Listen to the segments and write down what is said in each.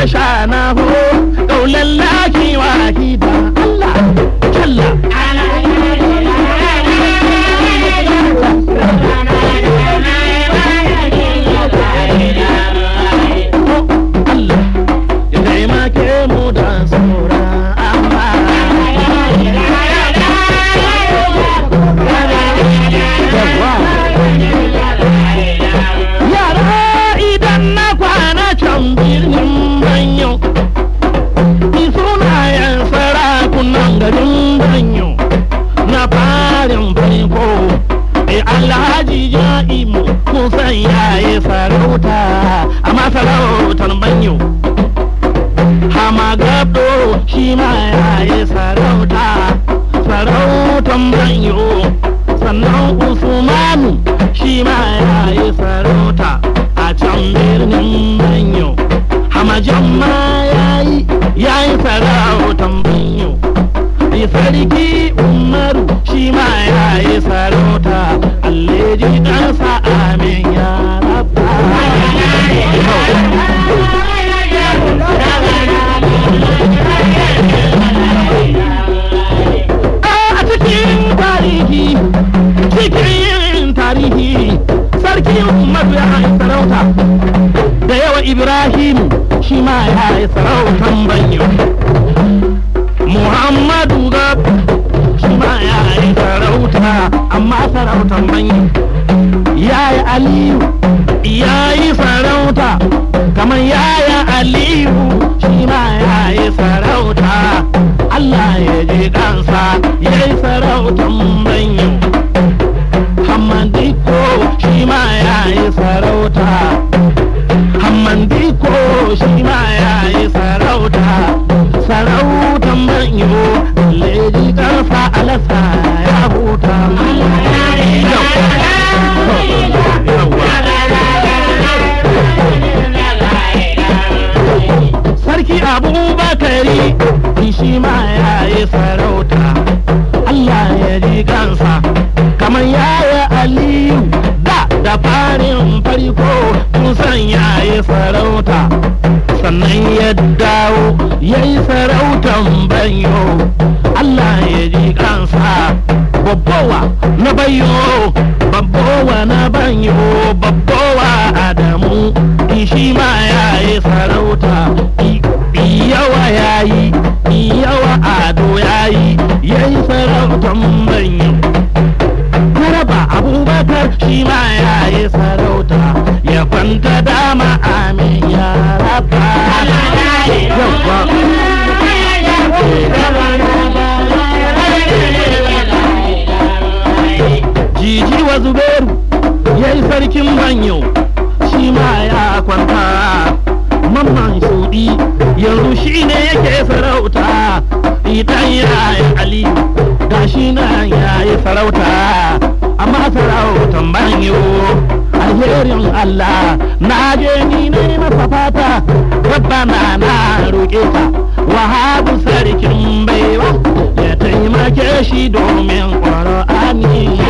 na sha na ho daular laki wahida Allah Allah alhaji ja'imu kusan yayi sarauta a masarautar banyo hama gabdo shi ma yayi sarauta sarautar banyo sannan usmanu shi ma yayi sarauta a can birnin banyo hama jamma yayi yayi sarautar banyo sarki umaru shi ma yayi sarauta shi ma ya yi sarautan banyo muhammadu ga shi ma ya yi sarauta amma sarautan banyo ya yi aliyu ya yi sarauta kamar ya yi aliyu shi ma ya yi sarauta allah ya ji dansa ya yi sarautan banyo sarki shi ya yi sarauta Allah ya ji kansa. kamar yaya aliyu da da farin farko kun san ya yi sarauta sannan ya dawo ya yi sarautan banyo Allah ya ji kansa babbowa na banyo babbowa na banyo babbowa adamu shi ma ya yi sarauta wa zubairu ya yi sarkin manyau shi ma ya kwanta mamman shudi yanzu shi ne yake sarauta idan ya yi aliyu ga shi nan ya yi sarauta amma sarautan manyau alherin Allah na je ni ne masa fata rabbana na roƙe ka wahabu sarkin baiwa ya taimake shi domin ni.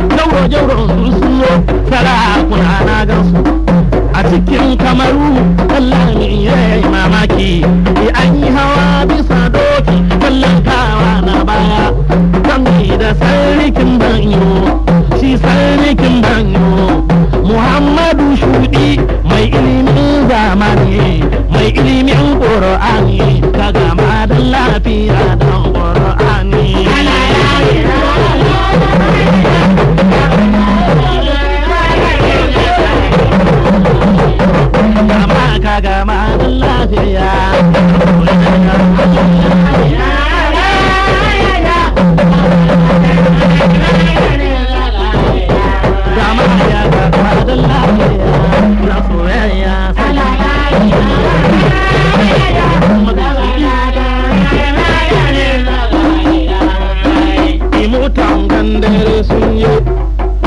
mutan gandare sun yi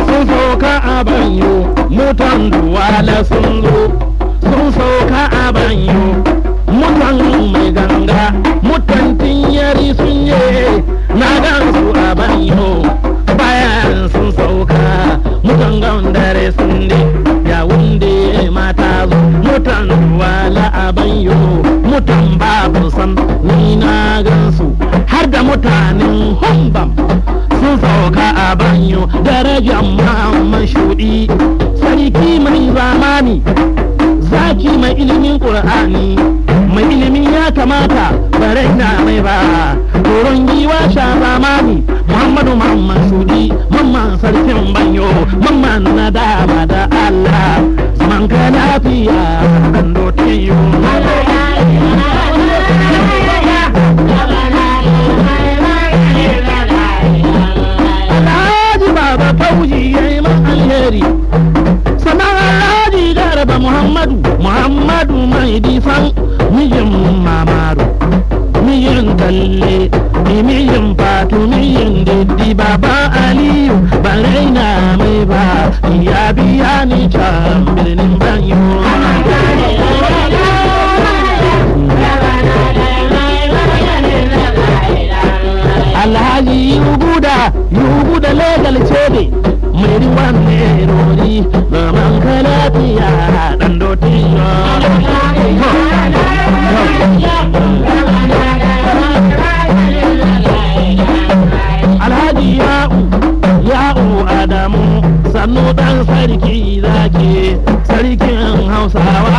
sun sauka a banyo mutan duwala sun zo sun sauka a banyo mutan mai ganga mutan tinyari sun yi yamma man shuɗi sarki mai zamani zaki mai ilimin ƙur'ani mai ilimin ya kamata bare na talle mimiyin fatumiyin didi. baba aliyu ba raina mai ba ya biya ni can birnin banyo alhaji yi guda yi guda legal ce ne mai ruwan ne rori zaman kalafiya dan vamos